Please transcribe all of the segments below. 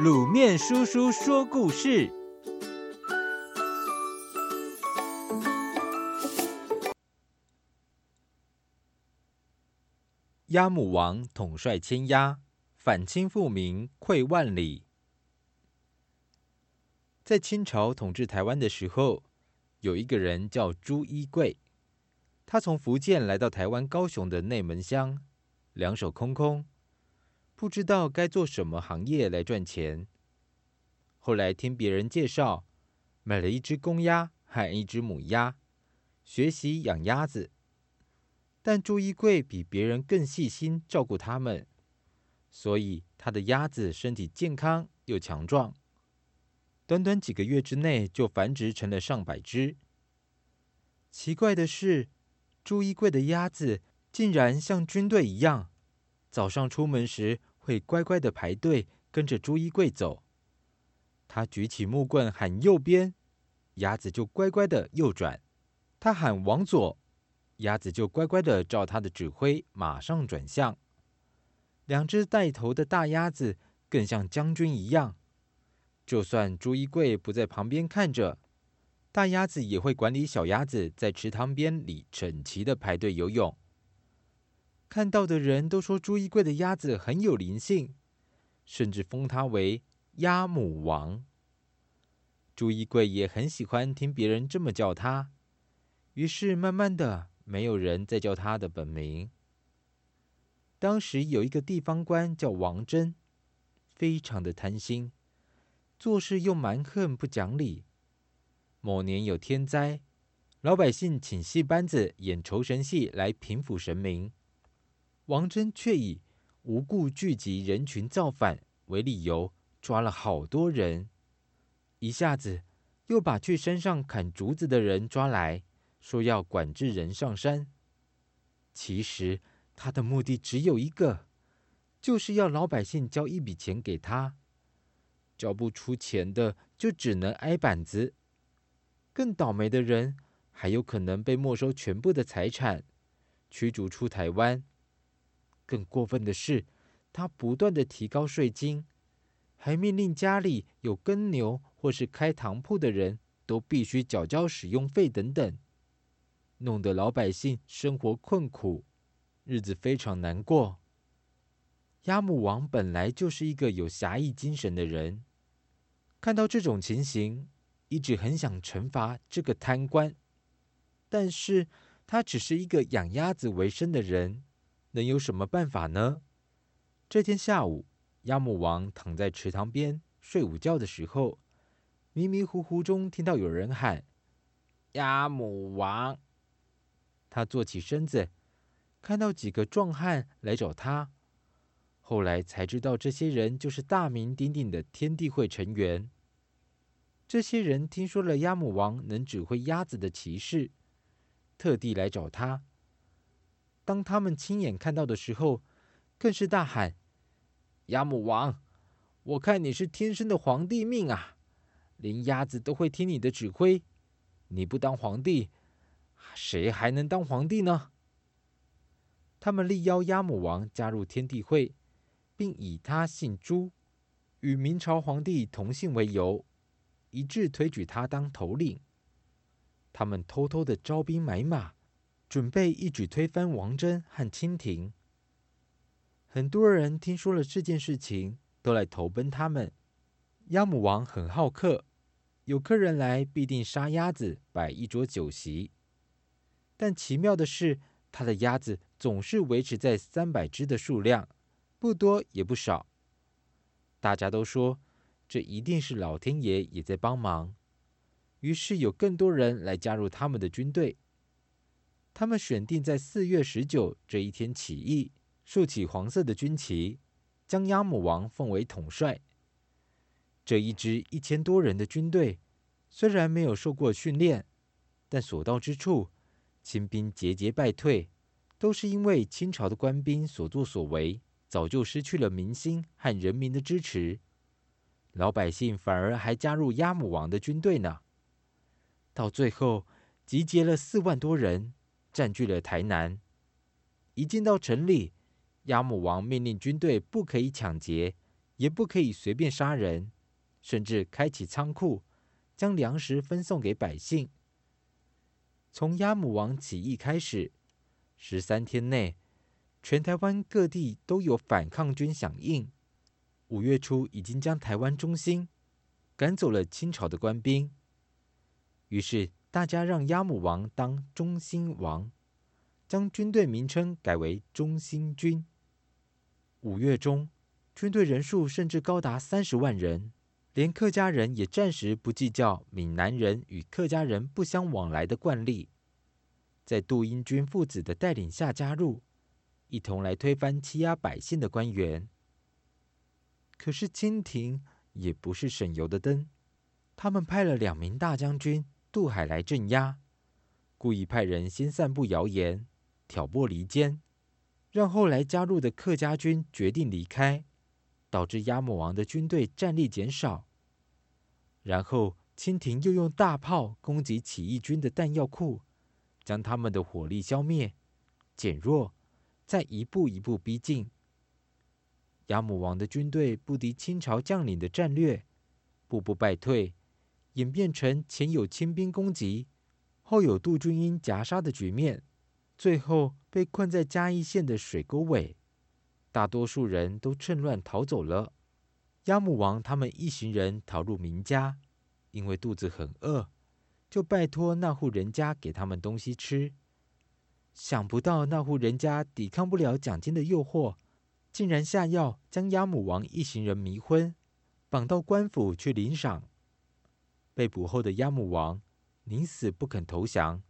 滷麵叔叔說故事：鴨母王統帥千鴨，反清復明，潰萬里。在清朝統治台灣的時候，有一個人叫朱一貴，他從福建來到台灣高雄的內門鄉，兩手空空。不知道該做什麼行業來賺錢。後來聽別人介紹，買了一隻公鴨和一隻母鴨，學習養鴨子。但朱一貴比別人更細心照顧它們，所以他的鴨子身體健康又強壯。短短幾個月之內就繁殖成了上百隻。奇怪的是，朱一貴的鴨子竟然像軍隊一樣，早上出門時，會乖乖的排隊跟着朱一貴走。他舉起木棍喊“右邊”，鴨子就乖乖的右轉；他喊“往左”，鴨子就乖乖的照他的指揮馬上轉向。兩隻帶頭的大鴨子更像將軍一樣，就算朱一貴不在旁邊看着，大鴨子也會管理小鴨子在池塘邊裡整齊的排隊游泳。看到的人都說朱一貴的鴨子很有靈性，甚至封他為鴨母王。朱一貴也很喜歡聽別人這麼叫他，於是慢慢的沒有人再叫他的本名。當時有一個地方官叫王珍，非常的貪心，做事又蠻橫不講理。某年有天災，老百姓請戲班子演酬神戲來平撫神明。王珍卻以無故聚集人群造反為理由，抓了好多人，一下子又把去山上砍竹子的人抓來說要管制人上山。其實他的目的只有一個，就是要老百姓交一筆錢給他，交不出錢的就只能挨板子，更倒霉的人還有可能被沒收全部的財產，驅逐出台灣。更過分的是，他不斷的提高稅金，還命令家裡有耕牛或是開糖鋪的人都必須繳交使用費等等，弄得老百姓生活困苦，日子非常難過。鴨母王本來就是一個有俠義精神的人，看到這種情形，一直很想懲罰這個貪官，但是他只是一個養鴨子為生的人。能有什麼辦法呢？這天下午，鴨母王躺在池塘邊睡午覺的時候，迷迷糊糊中聽到有人喊：“鴨母王！”他坐起身子，看到幾個壯漢來找他。後來才知道，這些人就是大名鼎鼎的天地會成員。這些人聽說了鴨母王能指揮鴨子的奇事，特地來找他。當他們親眼看到的時候，更是大喊：“鴨母王，我看你是天生的皇帝命啊！連鴨子都會聽你的指揮，你不當皇帝，誰還能當皇帝呢？”他們力邀鴨母王加入天地會，並以他姓朱，與明朝皇帝同姓為由，一致推舉他當頭領。他們偷偷的招兵買馬。準備一舉推翻王珍和清廷。很多人聽說了這件事情，都來投奔他們。鴨母王很好客，有客人來必定殺鴨子，擺一桌酒席。但奇妙的是，他的鴨子總是維持在三百隻的數量，不多也不少。大家都說，這一定是老天爺也在幫忙。於是有更多人來加入他們的軍隊。他們選定在四月十九這一天起義，豎起黃色的軍旗，將鴨母王奉為統帥。這一支一千多人的軍隊，雖然沒有受過訓練，但所到之處，清兵節節節敗退，都是因為清朝的官兵所作所為，早就失去了民心和人民的支持，老百姓反而還加入鴨母王的軍隊呢。到最後，集結了四萬多人。佔據了台南。一進到城裡，鴨母王命令軍隊不可以搶劫，也不可以隨便殺人，甚至開啟倉庫，將糧食分送給百姓。從鴨母王起義開始，十三天內，全台灣各地都有反抗軍響應。五月初已經將台灣中心趕走了清朝的官兵，於是。大家讓鴨母王當中興王，將軍隊名稱改為中興軍。五月中，軍隊人數甚至高達三十萬人，連客家人也暫時不計較閩南人與客家人不相往來的慣例，在杜英軍父子的帶領下加入，一同來推翻欺壓百姓的官員。可是清廷也不是省油的燈，他們派了兩名大將軍。渡海來鎮壓，故意派人先散布謠言，挑撥離間，讓後來加入的客家軍決定離開，導致鴨母王的軍隊戰力減少。然後清廷又用大炮攻擊起義軍的彈藥庫，將他們的火力消滅、減弱，再一步一步逼近。鴨母王的軍隊不敵清朝將領的戰略，步步敗退。演變成前有清兵攻擊，後有杜君英夾殺的局面，最後被困在嘉義縣的水溝尾，大多數人都趁亂逃走了。鴨母王他們一行人逃入民家，因為肚子很餓，就拜托那戶人家給他們東西吃。想不到那戶人家抵抗不了獎金的誘惑，竟然下藥將鴨母王一行人迷昏，綁到官府去領賞。被捕後的鴨母王，寧死不肯投降，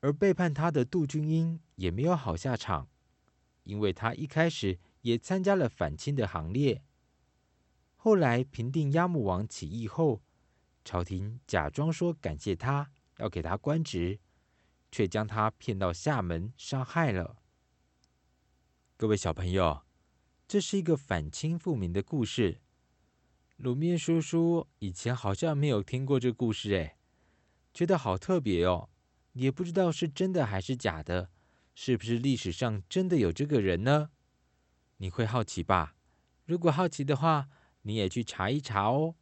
而背叛他的杜君英也沒有好下場，因為他一開始也參加了反清的行列，後來平定鴨母王起義後，朝廷假裝說感謝他，要給他官職，卻將他騙到廈門殺害了。各位小朋友，這是一個反清復明的故事。魯面叔叔以前好像沒有聽過這故事哎，覺得好特別哦，也不知道是真的還是假的，是不是歷史上真的有這個人呢？你會好奇吧？如果好奇的話，你也去查一查哦。